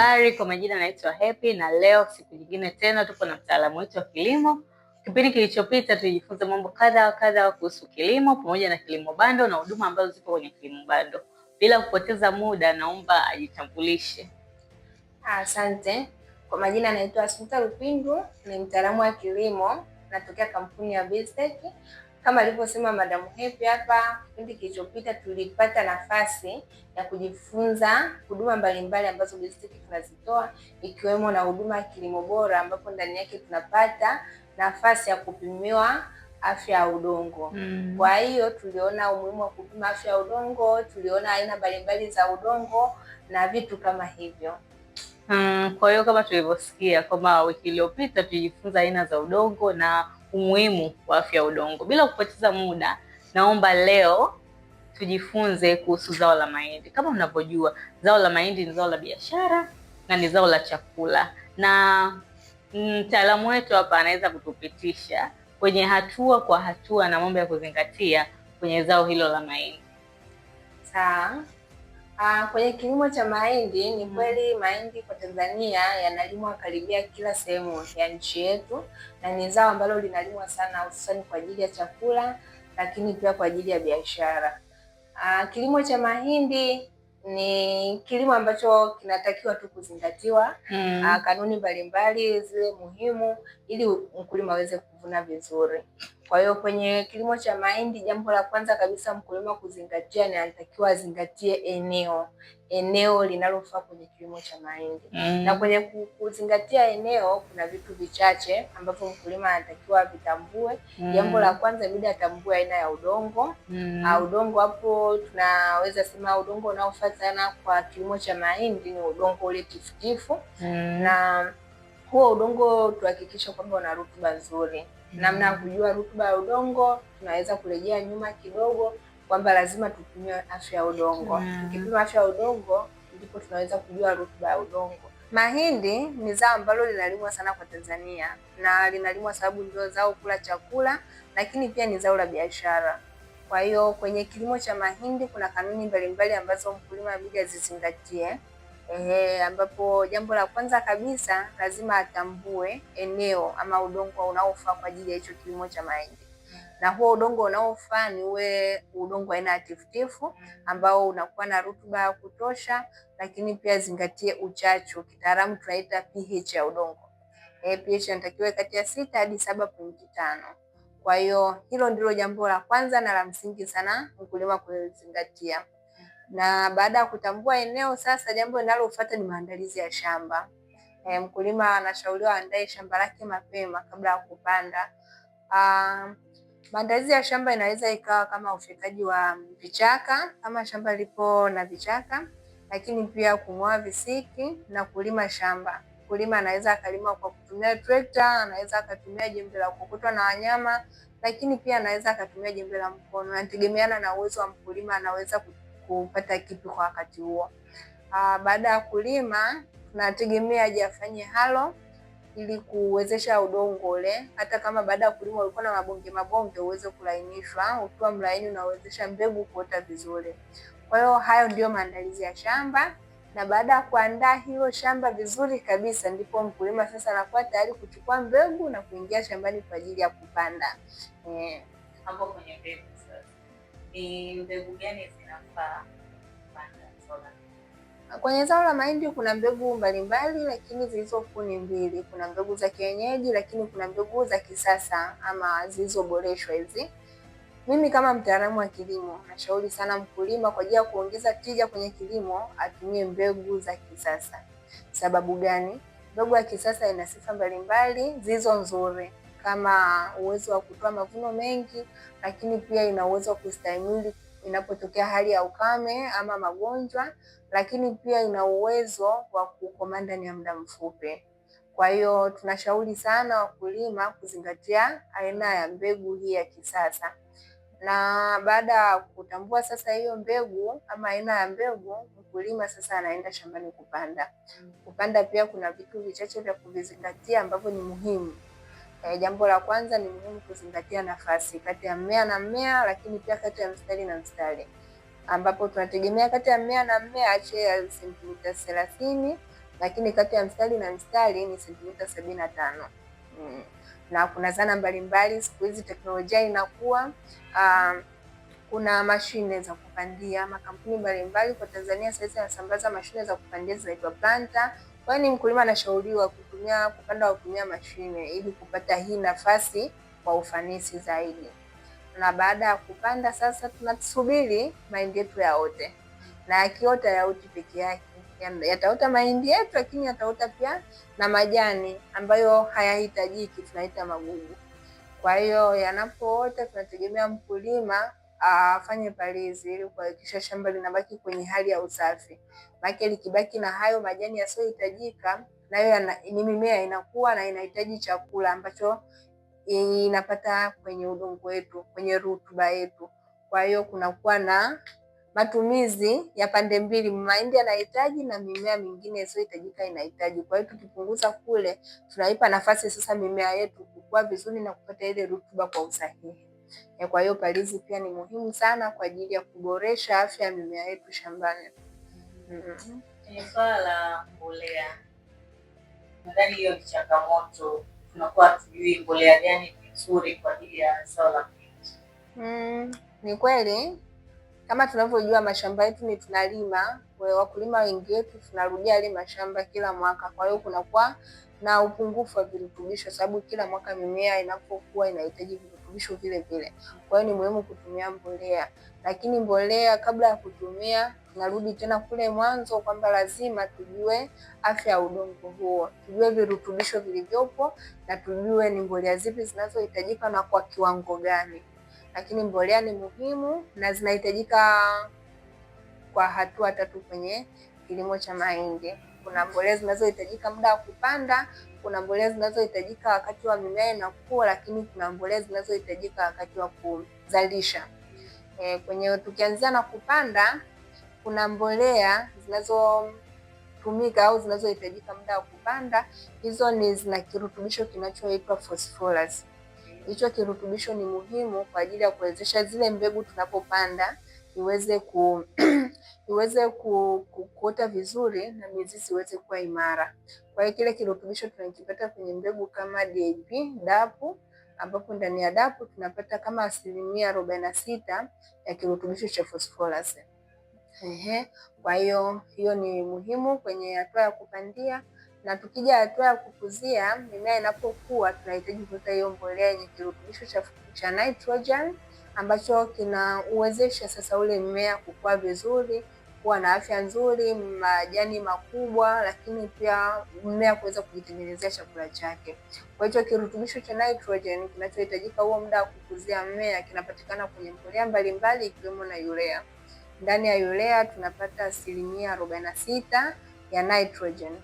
Habari, kwa majina naitwa Happy na leo siku nyingine tena tupo na mtaalamu wetu wa kilimo. Kipindi kilichopita tulijifunza mambo kadha wa kadha kuhusu kilimo pamoja na kilimo bando na huduma ambazo zipo kwenye kilimo bando. Bila kupoteza muda, naomba ajitambulishe. Asante. Kwa majina anaitwa Asmita Lupindu, ni mtaalamu wa kilimo, natokea kampuni ya Bestech kama alivyosema Madam Hepi hapa, kipindi kilichopita tulipata nafasi ya kujifunza huduma mbalimbali ambazo BEZTECH tunazitoa ikiwemo na huduma ya kilimo bora, ambapo ndani yake tunapata nafasi ya kupimiwa afya ya udongo mm. Kwa hiyo tuliona umuhimu wa kupima afya ya udongo, tuliona aina mbalimbali za udongo na vitu kama hivyo mm. Kwa hiyo kama tulivyosikia kwamba wiki iliyopita tulijifunza aina za udongo na umuhimu wa afya ya udongo. Bila kupoteza muda, naomba leo tujifunze kuhusu zao la mahindi. Kama unavyojua, zao la mahindi ni zao la biashara na ni zao la chakula, na mtaalamu wetu hapa anaweza kutupitisha kwenye hatua kwa hatua na mambo ya kuzingatia kwenye zao hilo la mahindi. Sawa. Ah, kwenye kilimo cha mahindi ni mm. kweli, mahindi kwa Tanzania yanalimwa karibia kila sehemu ya nchi yetu, na ni zao ambalo linalimwa sana hususani kwa ajili ya chakula, lakini pia kwa ajili ya biashara. Ah, kilimo cha mahindi ni kilimo ambacho kinatakiwa tu kuzingatiwa mm, ah, kanuni mbalimbali zile muhimu ili mkulima aweze kuvuna vizuri. Kwa hiyo kwenye kilimo cha mahindi, jambo la kwanza kabisa mkulima kuzingatia ni anatakiwa azingatie eneo eneo linalofaa kwenye kilimo cha mahindi mm. Na kwenye kuzingatia eneo, kuna vitu vichache ambavyo mkulima anatakiwa vitambue mm. Jambo la kwanza bidi atambue aina ya udongo mm. Uh, udongo hapo tunaweza sema udongo unaofaa sana kwa kilimo cha mahindi ni udongo ule tifutifu mm. Na huo udongo tuhakikisha kwamba una rutuba nzuri namna ya kujua rutuba ya udongo, tunaweza kurejea nyuma kidogo kwamba lazima tupime afya ya udongo. Tukipima mm. afya ya udongo ndipo tunaweza kujua rutuba ya udongo. Mahindi ni zao ambalo linalimwa sana kwa Tanzania na linalimwa sababu ndio zao kula chakula, lakini pia ni zao la biashara. Kwa hiyo kwenye kilimo cha mahindi kuna kanuni mbalimbali ambazo mkulima abidi azizingatie. Ehe, ambapo jambo la kwanza kabisa lazima atambue eneo ama udongo unaofaa kwa ajili ya hicho kilimo cha mahindi na huo udongo unaofaa ni ule udongo aina ya tifutifu ambao unakuwa na rutuba ya kutosha, lakini pia zingatie uchachu, kitaalamu tunaita pH ya udongo. E, eh, pH inatakiwa kati ya sita hadi saba pointi tano. Kwa hiyo hilo ndilo jambo la kwanza na la msingi sana mkulima kuzingatia na baada ya kutambua eneo sasa, jambo linalofuata ni maandalizi ya shamba. E, mkulima anashauriwa andae shamba lake mapema kabla ya kupanda. Uh, maandalizi ya shamba inaweza ikawa kama ufyekaji wa vichaka kama shamba lipo na vichaka, lakini pia kung'oa visiki na kulima shamba. Mkulima anaweza akalima kwa kutumia trekta, anaweza akatumia jembe la kukutwa na wanyama, lakini pia anaweza akatumia jembe la mkono, anategemeana na uwezo wa mkulima, anaweza kutumia kupata kitu kwa wakati huo. Ah, baada ya kulima, tunategemea aje afanye halo ili kuwezesha udongo ule, hata kama baada ya kulima ulikuwa na mabonge mabonge, uweze kulainishwa, ukiwa mlaini unawezesha mbegu kuota vizuri. Kwa hiyo hayo ndiyo maandalizi ya shamba, na baada ya kuandaa hilo shamba vizuri kabisa, ndipo mkulima sasa anakuwa tayari kuchukua mbegu na kuingia shambani kwa ajili ya kupanda eh, Ambapo kwenye mbegu ni mbegu gani zinafaa kupanda Kwenye zao la mahindi kuna mbegu mbalimbali, lakini zilizokuu ni mbili. Kuna mbegu za kienyeji, lakini kuna mbegu za kisasa ama zilizoboreshwa hizi. Mimi kama mtaalamu wa kilimo nashauri sana mkulima kwa ajili ya kuongeza tija kwenye kilimo atumie mbegu za kisasa. Sababu gani? Mbegu ya kisasa ina sifa mbalimbali zilizo nzuri kama uwezo wa kutoa mavuno mengi, lakini pia ina uwezo wa kustahimili inapotokea hali ya ukame ama magonjwa, lakini pia ina uwezo wa kukoma ndani ya muda mfupi. Kwa hiyo tunashauri sana wakulima kuzingatia aina ya mbegu hii ya kisasa, na baada ya kutambua sasa hiyo mbegu ama aina ya mbegu, mkulima sasa anaenda shambani kupanda. Kupanda pia kuna vitu vichache vya kuvizingatia ambavyo ni muhimu. E, jambo la kwanza ni muhimu kuzingatia nafasi kati ya mmea na mmea, lakini pia kati ya mstari na mstari, ambapo tunategemea kati ya mmea na mmea ache ya sentimita thelathini, lakini kati ya mstari na mstari ni sentimita sabini na tano. Mm. Na kuna zana mbalimbali siku hizi teknolojia inakuwa uh, ah, kuna mashine za kupandia. Makampuni mbalimbali kwa Tanzania sasa yanasambaza mashine za kupandia zinaitwa planta, kwani mkulima anashauriwa kutumia kupanda kwa kutumia mashine ili kupata hii nafasi kwa ufanisi zaidi. Na baada ya kupanda sasa, tunasubiri mahindi yetu yaote, na yakiota yaoti peke yake, yataota mahindi yetu, lakini yataota pia na majani ambayo hayahitajiki, tunaita magugu. Kwa hiyo yanapoota, tunategemea mkulima afanye palizi ili kuhakikisha shamba linabaki kwenye hali ya usafi, maana likibaki na hayo majani yasiyohitajika, nayo ni mimea inakuwa na inahitaji chakula ambacho inapata kwenye udongo wetu, kwenye rutuba yetu. Kwa hiyo kunakuwa na matumizi ya pande mbili, mahindi yanahitaji na mimea mingine isiyohitajika inahitaji. Kwa hiyo tukipunguza kule, tunaipa nafasi sasa mimea yetu kukua vizuri na kupata ile rutuba kwa usahihi. Eh, kwa hiyo palizi pia ni muhimu sana kwa ajili ya kuboresha afya ya mimea yetu shambani. Mm-hmm. Kwenye swala la mbolea, nadhani hiyo ni changamoto, tunakuwa hatujui mbolea gani nzuri kwa ajili ya zao la mm. Ni kweli kama tunavyojua mashamba yetu ni tunalima, wakulima wengi wetu tunarudia lima mashamba kila mwaka, kwa hiyo kunakuwa na upungufu wa virutubisho, sababu kila mwaka mimea inapokuwa inahitaji virutubisho virutubisho vile vile. Kwa hiyo ni muhimu kutumia mbolea, lakini mbolea kabla ya kutumia, narudi tena kule mwanzo kwamba lazima tujue afya ya udongo huo, tujue virutubisho vilivyopo na tujue ni mbolea zipi zinazohitajika na kwa kiwango gani. Lakini mbolea ni muhimu na zinahitajika kwa hatua tatu kwenye kilimo cha mahindi kuna mbolea zinazohitajika muda wa kupanda, kuna mbolea zinazohitajika wakati wa mimea inakua, lakini kuna mbolea zinazohitajika wakati wa kuzalisha. E, kwenye tukianzia na kupanda, kuna mbolea zinazotumika au zinazohitajika muda wa kupanda. Hizo ni zina kirutubisho kinachoitwa phosphorus. Hicho kirutubisho ni muhimu kwa ajili ya kuwezesha zile mbegu tunapopanda iweze ku iweze kuota vizuri na mizizi iweze kuwa imara. Kwa hiyo kile kirutubisho tunakipata kwenye mbegu kama DAP, dapu ambapo ndani ya dapu tunapata kama asilimia arobaini na sita ya kirutubisho cha phosphorus. Ehe, kwa hiyo hiyo ni muhimu kwenye hatua ya kupandia, na tukija hatua ya kukuzia, mimea inapokuwa tunahitaji kuweka hiyo mbolea yenye kirutubisho cha nitrogen ambacho kinauwezesha sasa ule mmea kukua vizuri, kuwa na afya nzuri, majani makubwa, lakini pia mmea kuweza kujitengenezea chakula chake. Kwa hiyo kirutubisho cha nitrogen kinachohitajika huo muda wa kukuzia mmea kinapatikana kwenye mbolea mbalimbali ikiwemo na urea. Ndani ya urea tunapata asilimia arobaini na sita ya nitrogen.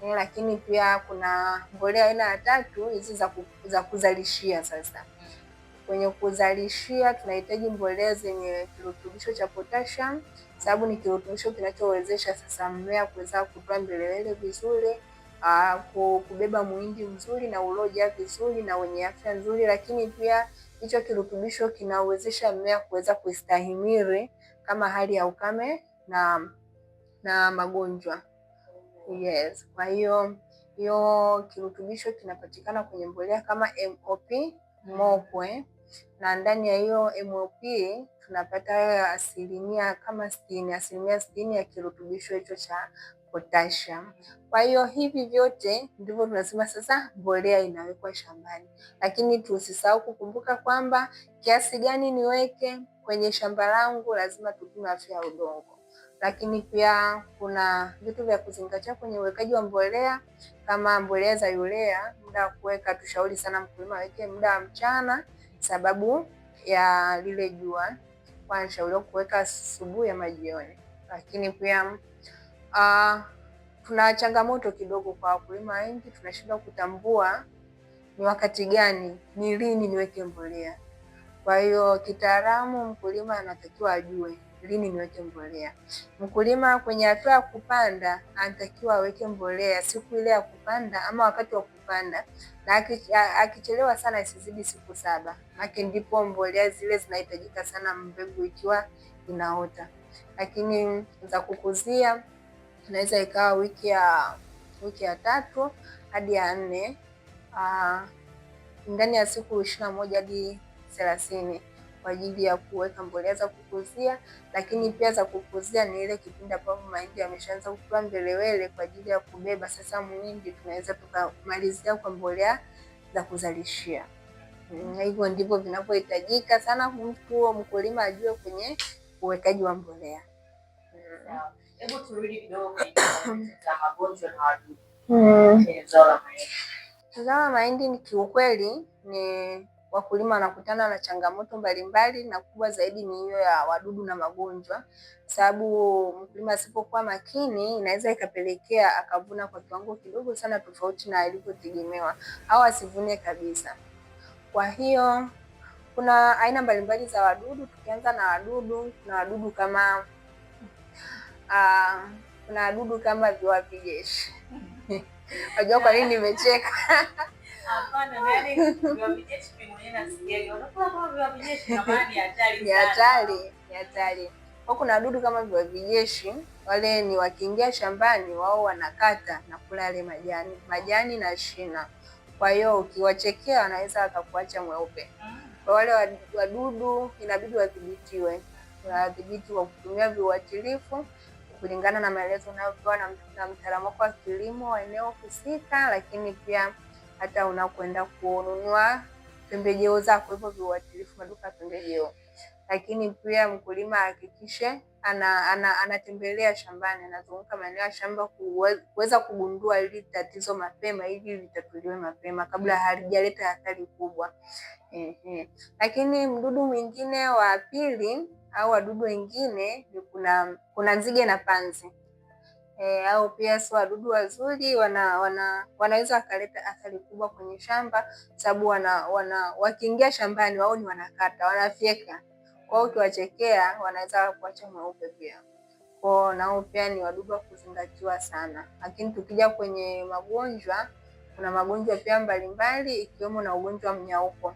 Okay, lakini pia kuna mbolea aina ya tatu hizi za kuzalishia sasa Kwenye kuzalishia tunahitaji mbolea zenye kirutubisho cha potassium sababu ni kirutubisho kinachowezesha sasa mmea kuweza kutoa mbelewele vizuri, ah, kubeba mwingi mzuri na uloja vizuri na wenye afya nzuri, lakini pia hicho kirutubisho kinawezesha mmea kuweza kustahimili kama hali ya ukame na na magonjwa. Yes, kwa hiyo hiyo kirutubisho kinapatikana kwenye mbolea kama MOP, MOP na ndani ya hiyo MOP tunapata asilimia kama sitini, asilimia sitini ya kirutubisho hicho cha potassium. Kwa hiyo hivi vyote ndivyo tunasema sasa mbolea inawekwa shambani, lakini tusisahau kukumbuka kwamba kiasi gani niweke kwenye shamba langu, lazima tupime afya ya udongo. Lakini pia kuna vitu vya kuzingatia kwenye uwekaji wa mbolea kama mbolea za urea, muda wa kuweka, tushauri sana mkulima aweke muda wa mchana sababu ya lile jua, kwa nishauriwa kuweka asubuhi ama jioni. Lakini pia uh, ah, tuna changamoto kidogo kwa wakulima wengi, tunashindwa kutambua ni wakati gani, ni lini niweke mbolea. Kwa hiyo kitaalamu, mkulima anatakiwa ajue lini niweke mbolea. Mkulima kwenye hatua ya kupanda anatakiwa aweke mbolea siku ile ya kupanda ama wakati wa kupanda, na akichelewa sana isizidi siku saba, maana ndipo mbolea zile zinahitajika sana mbegu ikiwa inaota. Lakini za kukuzia inaweza ikawa wiki ya wiki ya tatu hadi ya nne ndani ya siku ishirini na moja hadi thelathini kwa ajili ya kuweka mbolea za kukuzia, lakini pia za kukuzia ni ile kipindi ambapo mahindi yameshaanza kukua mbelewele kwa ajili ya kubeba sasa mwingi, tunaweza tukamalizia kwa mbolea za kuzalishia. Mm, na hivyo ndivyo vinavyohitajika sana mtu huo mkulima ajue kwenye uwekaji wa mbolea. Hebu mm. Zao la mahindi ni kiukweli ni wakulima wanakutana na changamoto mbalimbali na kubwa zaidi ni hiyo ya wadudu na magonjwa, sababu mkulima asipokuwa makini inaweza ikapelekea akavuna kwa kiwango kidogo sana tofauti na alivyotegemewa au asivune kabisa. Kwa hiyo kuna aina mbalimbali za wadudu. Tukianza na wadudu, kuna wadudu kama uh, kuna wadudu kama viwavi jeshi. Unajua kwa nini nimecheka? Yaani, ni hatari, ni hatari kwa kuna wadudu kama viwavijeshi wale, ni wakiingia shambani wao wanakata na kula yale majani majani na shina. Kwa hiyo ukiwachekea wanaweza wakakuacha mweupe. Kwa wale wadudu inabidi wadhibitiwe, wadhibiti kwa kutumia viuatilifu kulingana na maelezo unayopewa na mtaalamu wako wa kilimo wa eneo husika, lakini pia hata unakwenda kununua pembejeo zako, hivyo viuatilifu maduka pembejeo. Lakini pia mkulima ahakikishe anatembelea ana, ana shambani, anazunguka maeneo ya shamba kuweza kugundua hili tatizo mapema ili litatuliwe mapema kabla halijaleta hatari kubwa. Ehe. Lakini mdudu mwingine wa pili au wadudu wengine ni kuna, kuna nzige na panzi. Eh, au pia si wadudu wazuri wana, wana, wanaweza wakaleta athari kubwa kwenye shamba sababu wana, wana, wakiingia shambani wao ni wanakata wanafyeka kwao, ukiwachekea wanaweza kuacha mweupe pia kwao, nao pia ni wadudu wa kuzingatiwa sana. Lakini tukija kwenye magonjwa, kuna magonjwa pia mbalimbali ikiwemo na ugonjwa wa mnyauko.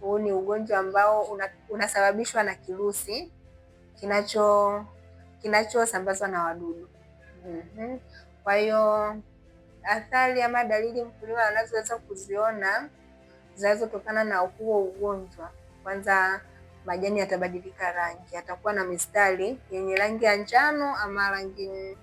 Huu ni ugonjwa ambao una, unasababishwa na kirusi kinacho kinachosambazwa na wadudu Mhm. Kwa hiyo athari ama dalili mkulima anazoweza kuziona zinazotokana na huo ugonjwa, kwanza majani yatabadilika rangi, yatakuwa na mistari yenye rangi ya njano ama rangi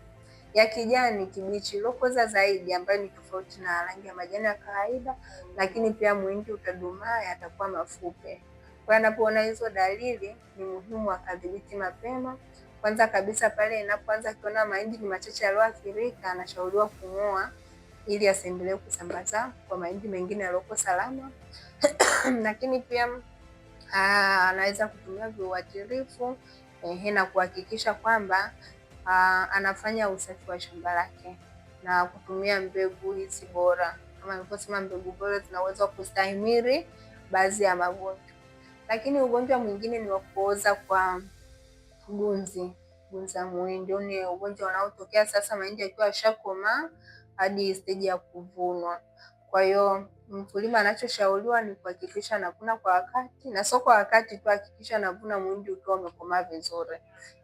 ya kijani kibichi iliyokoza zaidi, ambayo ni tofauti na rangi ya majani ya kawaida. Lakini pia mwingi utadumaa, yatakuwa mafupe. Kwa anapoona hizo dalili, ni muhimu akadhibiti mapema kwanza kabisa pale inapoanza kuona mahindi ni machache yaliyoathirika, anashauriwa kung'oa ili asiendelee kusambaza kwa mahindi mengine yaliyoko salama. Lakini pia ah, anaweza kutumia viuatilifu eh, na kuhakikisha kwamba ah, anafanya usafi wa shamba lake na kutumia mbegu hizi bora. Kama nilivyosema, mbegu bora zinaweza kustahimili baadhi ya magonjwa. Lakini ugonjwa mwingine ni wa kuoza kwa gunzi gunzi ya muhindi huu ni yaani ugonjwa unaotokea sasa mahindi yakiwa yashakomaa hadi steji ya kuvunwa kwa hiyo mkulima anachoshauriwa ni kuhakikisha anavuna kwa wakati na sio kwa wakati tu, hakikisha anavuna muhindi ukiwa umekomaa vizuri.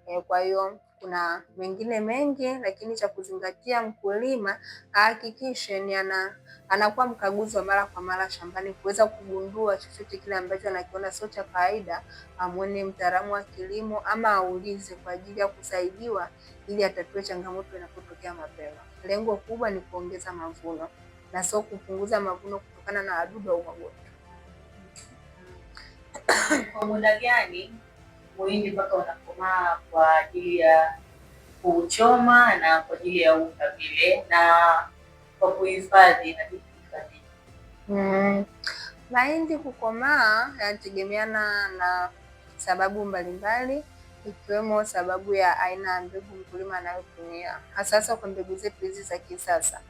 Eh, kwa hiyo kuna mengine mengi, lakini cha kuzingatia, mkulima ahakikishe ni ana anakuwa mkaguzi wa mara kwa mara shambani kuweza kugundua chochote kile ambacho anakiona sio cha kawaida, amwone mtaalamu wa kilimo ama aulize kwa ajili ya kusaidiwa ili atatue changamoto inapotokea mapema. Lengo kubwa ni kuongeza mavuno na sio kupunguza mavuno kutokana na wadudu au magonjwa. Kwa muda gani muhindi mpaka unakomaa kwa ajili ya kuchoma na kwa ajili ya unga vile, na kwa kuhifadhi na kuhifadhi. Mm. Mahindi kukomaa yanategemeana na sababu mbalimbali ikiwemo sababu ya aina ya mbegu mkulima anayotumia, hasa hasa kwa mbegu zetu hizi za kisasa.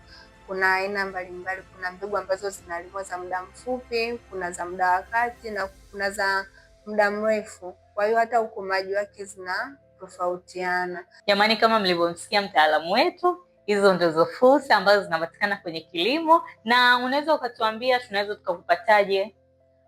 Kuna aina mbalimbali, kuna mbegu ambazo zinalimwa za muda mfupi, kuna za muda wa kati na kuna za muda mrefu, kwa hiyo hata ukomaji wake zinatofautiana. Jamani, kama mlivyomsikia mtaalamu wetu, hizo ndizo fursa ambazo zinapatikana kwenye kilimo. Na unaweza ukatuambia tunaweza tukakupataje?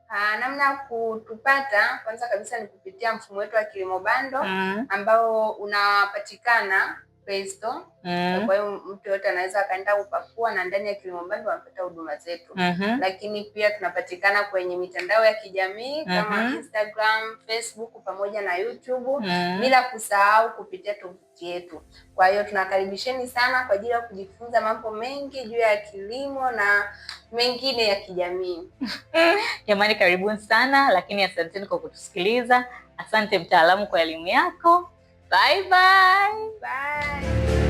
Aa, ah, namna ya kutupata, kwanza kabisa ni kupitia mfumo wetu wa Kilimo Bando mm. ambao unapatikana Play Store. Mm. Mm-hmm. Kwa hiyo mtu yote anaweza akaenda kupakua na ndani ya Kilimambali wanapata huduma zetu. Mm -hmm. Lakini pia tunapatikana kwenye mitandao ya kijamii mm -hmm. Instagram, Facebook pamoja na YouTube mm -hmm. bila kusahau kupitia tovuti yetu. Kwa hiyo tunakaribisheni sana kwa ajili ya kujifunza mambo mengi juu ya kilimo na mengine ya kijamii. Jamani karibuni sana, lakini asanteni kwa kutusikiliza. Asante mtaalamu kwa elimu yako. 拜拜。拜。